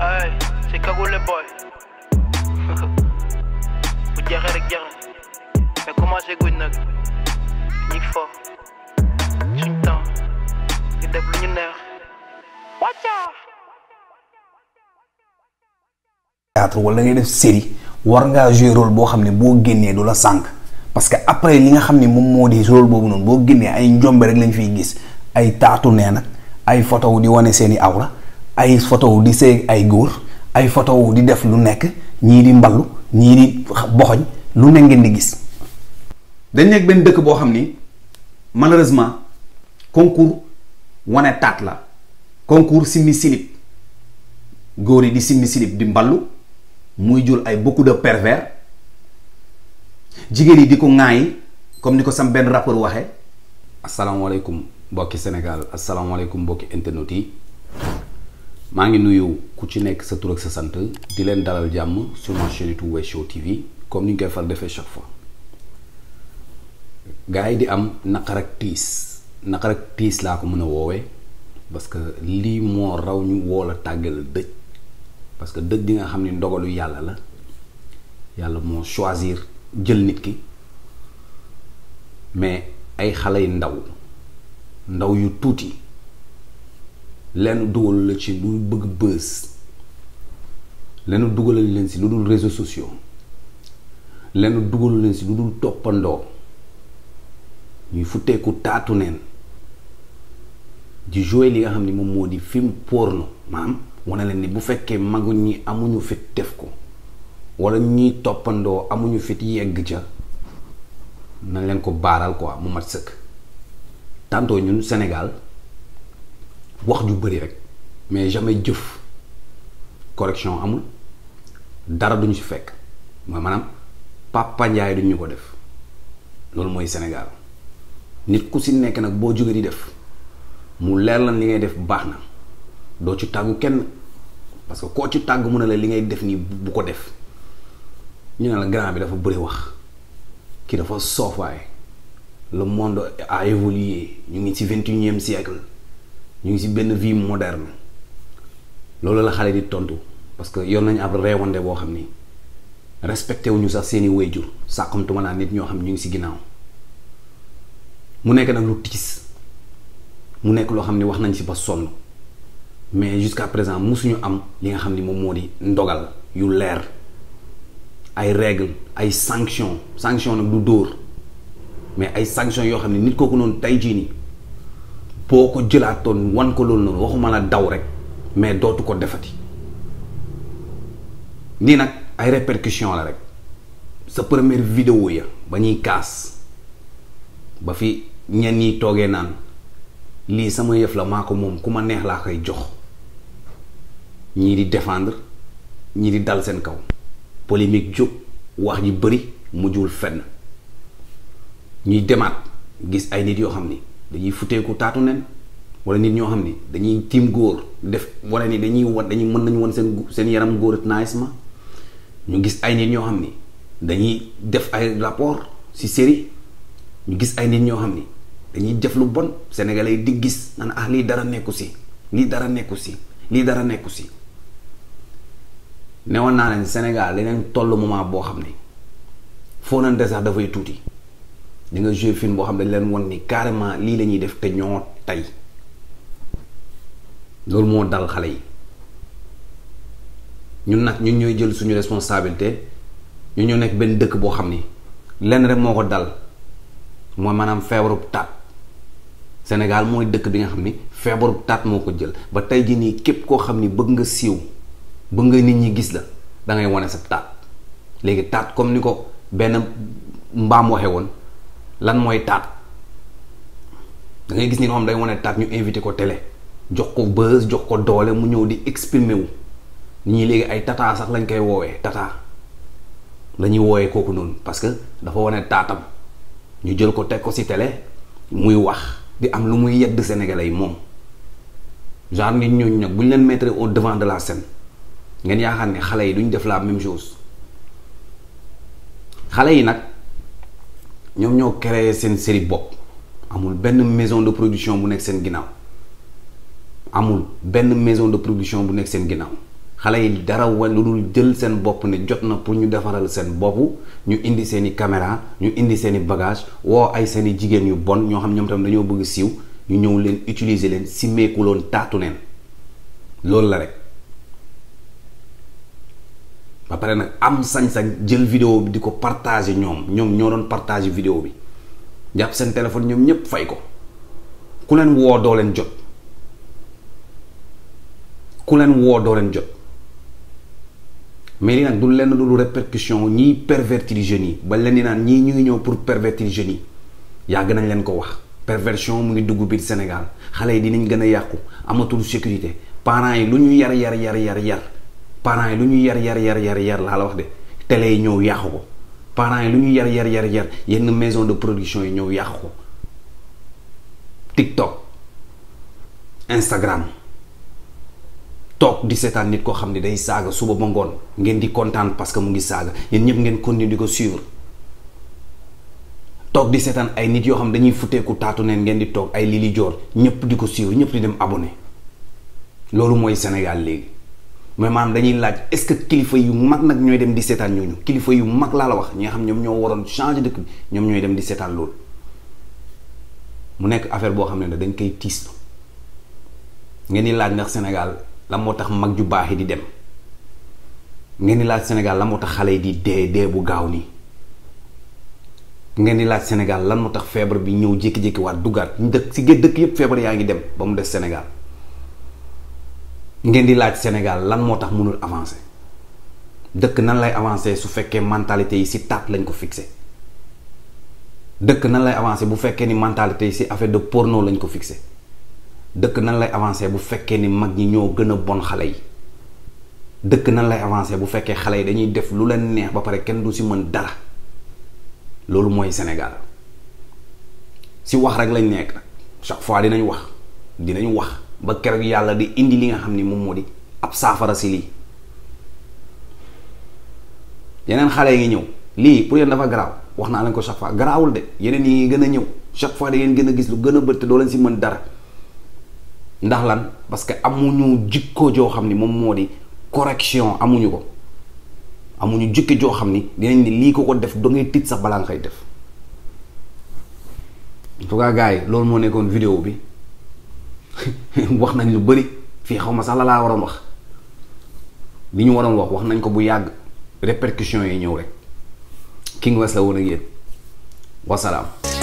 ay si kagule boy bu jeexee rek jeex na mais neex wàcca théâtre wala ngay def série war ngaa jouer rôle boo xam ne boo génnee du la sànq parce que après li nga xam ne moom moo di rôle boobu noonu boo génnee ay njombe rek lañ fiy gis ay taatu nee nag ay photo wu di wane seeni awra ay photo di seeg ay góor ay photo di def lu nekk ñii di mballu ñii di boxoñ lu nekk ngeen di gis. dañ nekk benn dëkk boo xam ni malheureusement concours wane taat la concours simmi silip góor yi di simmi silip di mballu muy jur ay beaucoup de pervers jigéen yi di ko ŋaayi comme ni ko sam benn waxe waxee. asalaamaaleykum mbokki Sénégal asalaamaaleykum mbokki internet yi. maa ngi nuyu ku ci nekk sa tur ak sa sant di leen dalal jàmm sur ma chaîne YouTube Show TV comme ni ñu koy far defee chaque fois gars yi di am naqar ak tiis naqar ak tiis laa ko mën a woowe parce que lii moo raw ñu woo la tàgge la dëj parce que dëj di nga xam ne ndogalu yàlla la yàlla moo choisir jël nit ki mais ay xale yu ndaw ndaw yu tuuti. lenn dugal la ci lu bëgg bës lenn dugalal leen si lu dul réseaux sociaux lenn dugalu leen si lu dul toppandoo ñuy futteeku taatu neen di jouer li nga xam ni moom moo di film porno maam wane leen ni bu fekkee magu ñi amuñu fit def ko wala ñuy toppandoo amuñu fit yegg ca na leen ko baaral quoi mu mat sëkk tantôt ñun Sénégal wax ju bëri rek mais jamais jëf correction amul dara duñu ci fekk mooy maanaam Papa Ndiaye duñu ko def loolu mooy Sénégal nit ku si nekk nag boo jógee di def mu leer lan li ngay def baax na doo ci tàggu kenn parce que koo ci tàggu mu ne la li ngay def nii bu ko def ñu ne la grand bi dafa bëri wax kii dafa soof waaye le monde a évolué ñu ngi ci vingt-et-unième siècle ñu ngi si benn vie moderne loolu la xale di tontu parce que yor nañu ab reewande boo xam ni respecté wuñu sax seeni wayjur sàkkamtuma naa nit ñoo xam ñu ngi si ginnaaw mu nekk nag lu tiis mu nekk loo xam ni wax nañ si ba sonn mais jusqu'à présent musuñu am li nga xam ni moom moo di ndogal yu leer ay règle ay sanction sanction nag du dóor mais ay sanction yoo xam ne nit kooku noonu tey jii nii boo ko jëlaatoon wan ko loolu noonu waxuma la daw rek mais dootu ko defati nii nag ay répercussion la rek sa première vidéo ya ba ñuy kaas ba fi ñenn ñi toogee naan lii sama yëf la maa ko moom ku ma neex laa koy jox ñii di defendre ñii di dal seen kaw polémique jóg wax ji bëri mujjul fenn ñuy demaat gis ay nit yoo xam ni dañuy futeeku taatu nen wala nit ñoo xam ni dañuy tiim góor def wala nii dañuy wan dañuy mën nañu woon seen seen yaram góor nice ma ñu gis ay nit ñoo xam ni dañuy def ay rapport ci série ñu gis ay nit ñoo xam ni dañuy def lu bon sénégalais yi di gis naan ah lii dara nekku ci lii dara nekku ci lii dara nekku si newoon naa leen Sénégal leneen toll moment boo xam ne foo nante sax dafay tuuti di nga joué film boo xam dañ leen won ni carrément lii la ñuy def te ñoo tey loolu moo dal xale yi ñun nag ñun ñooy jël suñu responsabilité ñu ñu nekk benn dëkk boo xam ni lenn rek moo ko dal mooy maanaam feebarub taat Sénégal mooy dëkk bi nga xam ni feebarub taat moo ko jël ba tey jii nii képp koo xam ni bëgg nga siiw bëgg nga nit ñi gis la dangay ngay wane sa taat léegi taat comme ni ko benn mbaam waxe woon. lan mooy taat dangay gis ni ñoo xam day wane taat ñu invité ko télé jox ko bës jox ko doole mu ñëw di exprimer wu ñii léegi ay tata sax lañ koy woowee tata la ñuy woowee kooku noonu parce que dafa wane taatam ñu jël ko teg ko ci télé muy wax di am lu muy yedd Sénégalais yi moom genre nit ñooñu nag bu ñu leen mettre au devant de la scène ngeen yaakaar ne xale yi duñ def laa même chose xale yi nag. ñoom ñoo créé seen série bopp amul benn maison de production bu nekk seen ginnaaw amul benn maison de production bu nekk seen ginnaaw xale yi dara wala lu dul jël seen bopp ne jot na pour ñu defaral seen bopp ñu indi seen i caméra ñu indi seen i bagage woo ay seeni jigéen yu bon ñoo xam ñoom tam dañoo bëgg siiw ñu ñëw leen utiliser leen simmeeku loon taatu neen loolu la rek ba pare nag am sañ-sañ jël vidéo bi di ko partager ñoom ñoom ñoo doon partager vidéo bi jàpp seen téléphone ñoom ñëpp fay ko ku leen woo doo leen jot ku leen woo doo leen jot mais lii du lenn du lu répercussion ñiy pervertir jeunes yi ba leen di naan ñii ngi ñëw pour pervertir jeunes yi yàgg nañ leen ko wax perversion mu ngi dugg biir Sénégal xale yi dinañ gën a yàqu amatul sécurité parents yi lu ñu yar yar yar yar yar parent yi lu ñu yar yar yar yar yar laa la wax de télé yi ñëw yàqu ko parent yi lu ñuy yar yar yar yar yenn maison de production yi ñëw yàqu ko TikTok Instagram toog di seetaan nit koo xam ne day saaga suba ba ngoon ngeen di kontaan parce que mu ngi saaga yéen ñëpp ngeen continuer di ko suivre toog di seetaan ay nit yoo xam ne dañuy futteeku taatu neen ngeen di toog ay lii joor ñëpp di ko suivre ñëpp di dem abone loolu mooy Sénégal léegi. mooy maanaam dañuy laaj est-ce que kilifa yu mag nag ñooy dem di seetaan ñooñu kilifa yu mag laa la wax ñi xam ñoom ñoo waroon changer dëkk bi ñoom ñooy dem di seetaan loolu mu nekk affaire boo xam ne dañ koy tiis ngeen di laaj ndax Sénégal la moo tax mag ju baax yi di dem ngeen di laaj Sénégal la moo tax xale yi di dee dee bu gaaw nii ngeen di laaj Sénégal lan moo tax feebar bi ñëw jékki-jékki waat duggaat dëkk si dëkk yëpp feebar yaa ngi dem ba mu def Sénégal ngeen di laaj Sénégal lan moo tax mënul avancer dëkk nan lay avancer su fekkee mentalité yi si taat lañ ko fixé dëkk nan lay avancer bu fekkee ni mentalité yi si affaire de porno lañ ko fixé dëkk nan lay avancer bu fekkee ni mag ñi ñoo gën a bon xale yi dëkk nan lay avancer bu fekkee xale yi dañuy def lu leen neex ba pare kenn du si mën dara loolu mooy Sénégal si wax rek lañ nekk chaque fois dinañ wax dinañu wax. ba keroog yàlla di indi li nga xam ni moom moo di ab saafara si lii yeneen xale yi ngi ñëw lii pour yéen dafa garaaw wax naa leen ko chaque fois garaawul de yeneen yi ngi gën a ñëw chaque fois da ngeen gën a gis lu gën a bët te doo leen si mën dara ndax lan parce que amuñu jikko joo xam ni moom moo di correction amuñu ko amuñu jikko joo xam ni dinañ ni lii ko ko def da tiit sax balaa nga koy def en tout cas yi loolu moo nekkoon vidéo bi. wax nañ lu bëri fii xaw ma saxla la laa waroon wax li ñu waroon wax wax nañ ko bu yàgg répercussions yi ñëw rek King West la woon a yéen wasalaam.